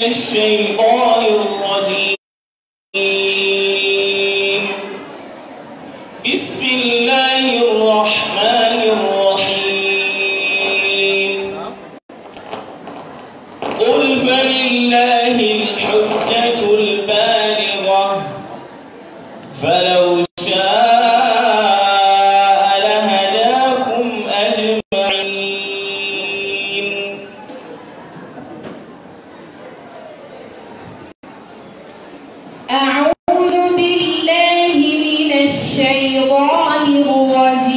الشيطان الرجيم بسم الله الشيطان الرجيم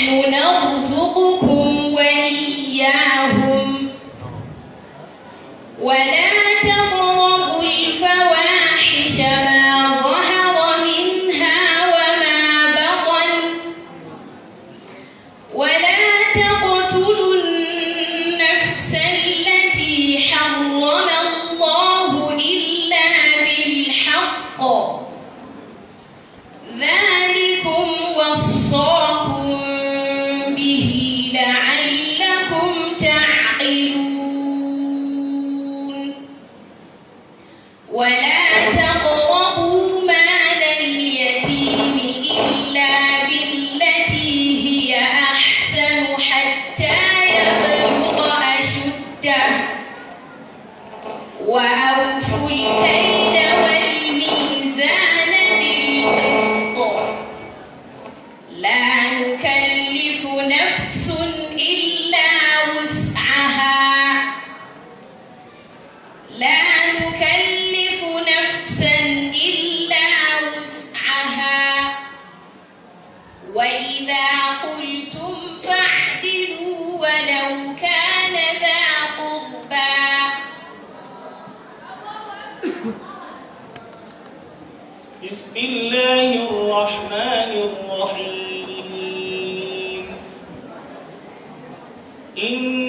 نحن نرزقكم وإياهم ولا تقربوا الفواحش ما ولا تقوم الله الرحمن الرحيم إن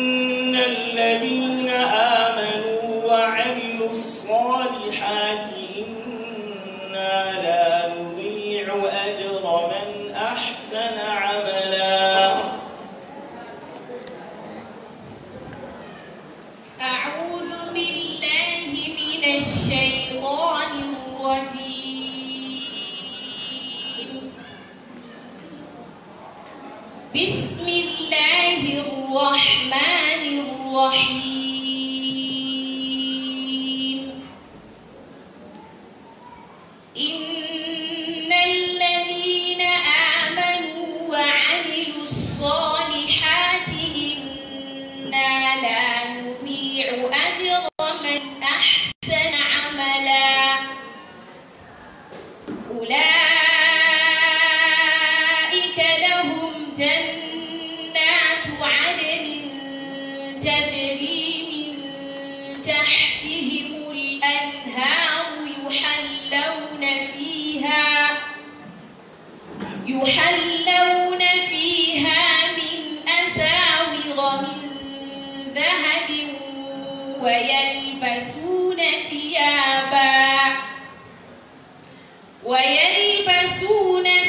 persone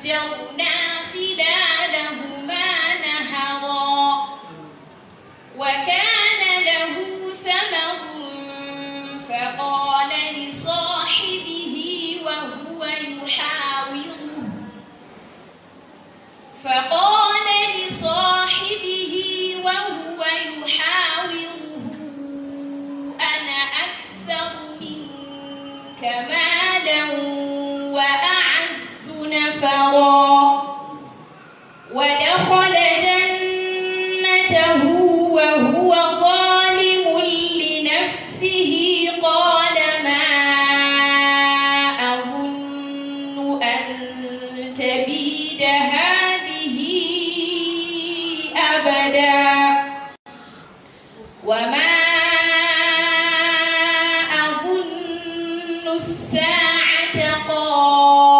ففجرنا خلالهما نهرا وكان الساعة قائمة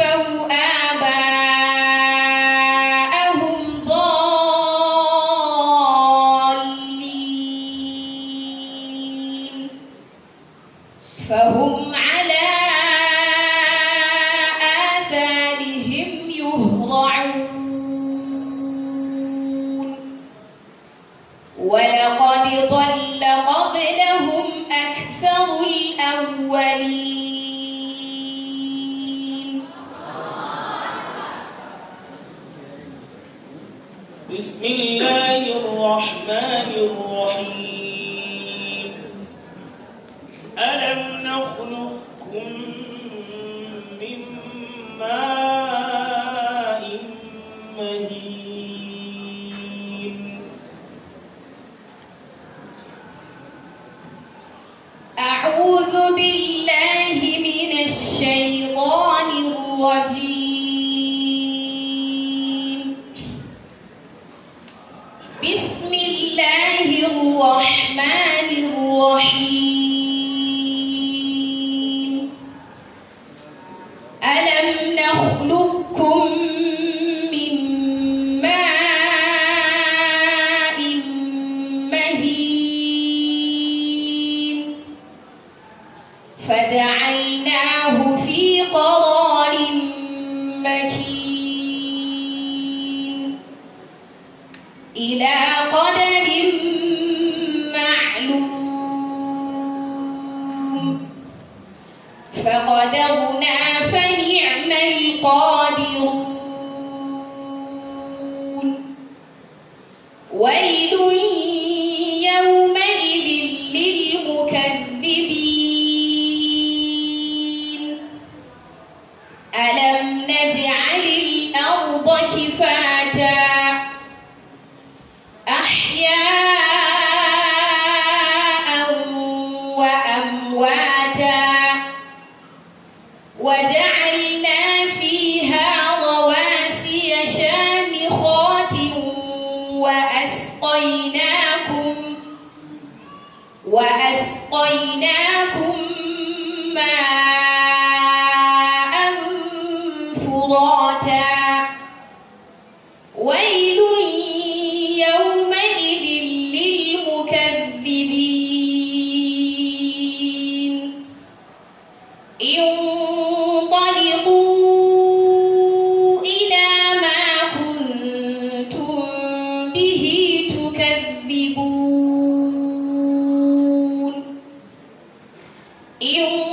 é بسم الله الرحمن الرحيم ألم نخلقكم القادر وأسقيناكم وأسقيناكم ماءً E um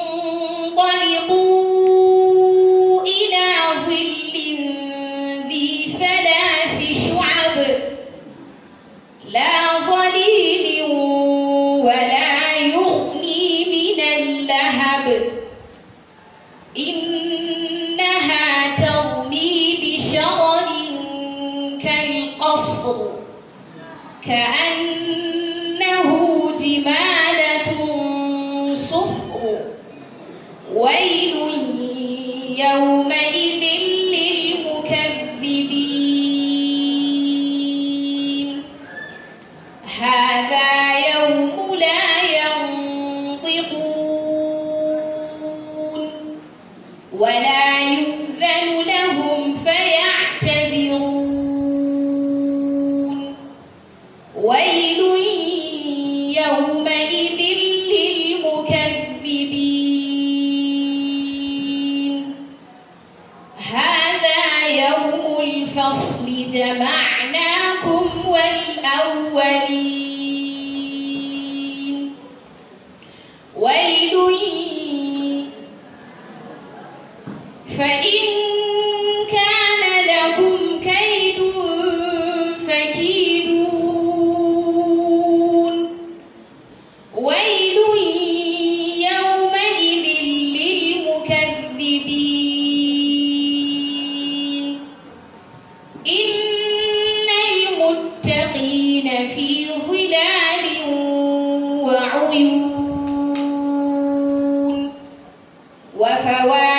الأولين ويل فإن وفواكه